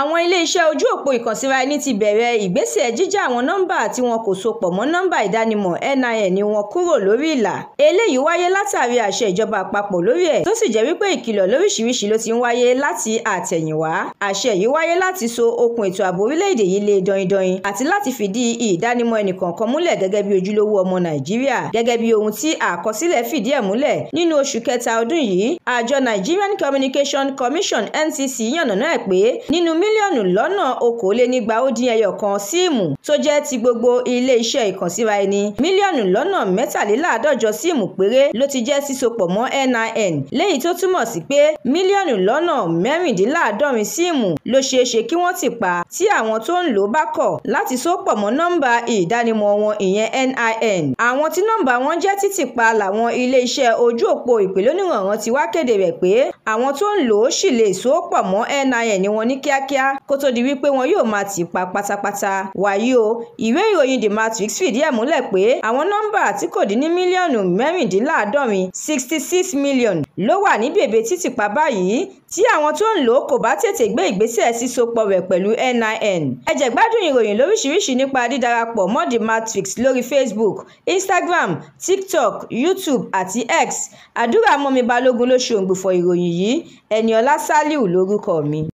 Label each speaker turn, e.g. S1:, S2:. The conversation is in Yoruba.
S1: Àwọn ilé-iṣẹ́ ojú òpó ìkànsíra ẹni ti bẹ̀rẹ̀ ìgbésẹ̀ jíjá àwọn nọ́mbà tí wọn kò sopọ̀ mọ́ nọ́mbà ìdánimọ̀ NIN wọn kúrò lórí ìlà. Eléyìí wáyé látàrí àṣẹ ìjọba àpapọ̀ lórí ẹ̀ tó sì jẹ́ wípé ìkìlọ̀ lóríṣiríṣi ló ti ń wáyé láti àtẹ̀yìnwá. Àṣẹ yìí wáyé láti so okùn ètò ààbò orílẹ̀-èdè yìí le dọindọin àti láti fìdí ìdánimọ̀ ẹnìkọ̀ọ̀kan múlẹ̀ gẹ́gẹ́ bí ojúlówó ọmọ Nàìjíríà. Gẹ́gẹ́ bí ohun tí àkọsílẹ̀ fìdí ẹ̀ múlẹ̀ nínú oṣù kẹta ọdún yìí, àjọ Nigerian Communication Commission NCC yànnàná ẹ̀ pé nínú mí mílíọ̀nù lọ́nà okòólénígba ó dín ẹyọ kan síìmù tó jẹ́ ti gbogbo ilé-iṣẹ́ ìkànsíra ẹni mílíọ̀nù lọ́nà mẹ́tàléláàádọ́jọ síìmù péré ló ti jẹ́ sísopọ̀ mọ́ NIN léyìí tó túmọ̀ sí pé mílíọ̀nù lọ́nà mẹ́rìndínláàádọ́rin síìmù ló ṣeé ṣe kí wọ́n ti pa tí àwọn tó ń lò bá kọ̀ láti sopọ̀ mọ́ nọ́mbà ìdánimọ̀ wọn ìyẹn NIN àwọn tí nọ́mbà wọn jẹ́ títìpa làwọn ilé-iṣẹ́ ojú òpó ìpèlónìrànràn ti wá kéde rẹ̀ pé àwọn tó ń lò ó sì lè sopọ̀ mọ́ NIN wọn ní kíákíá kíákíá kó tó di wípé wọn yóò máa tì pa pátápátá wàyí o ìwé ìròyìn The Matrix fìdí ẹ̀ múlẹ̀ pé àwọn nọ́mbà tí kò dín ní mílíọ̀nù mẹ́rìndínláàádọ́rin sixty six million ló wà ní bèbè títìpa báyìí tí àwọn tó ń lò kò bá tètè gbé ìgbésẹ̀ sísopọ̀ rẹ̀ pẹ̀lú NIN ẹ jẹ́ gbádùn ìròyìn lóríṣiríṣi nípa dídarapọ̀ mọ́ The Matrix lórí Facebook Instagram TikTok YouTube àti X àdúrà mọ́mi balógun ló ṣòǹgbò fọ ìròyìn yìí Ẹniọlá Sálíù lórúkọ mi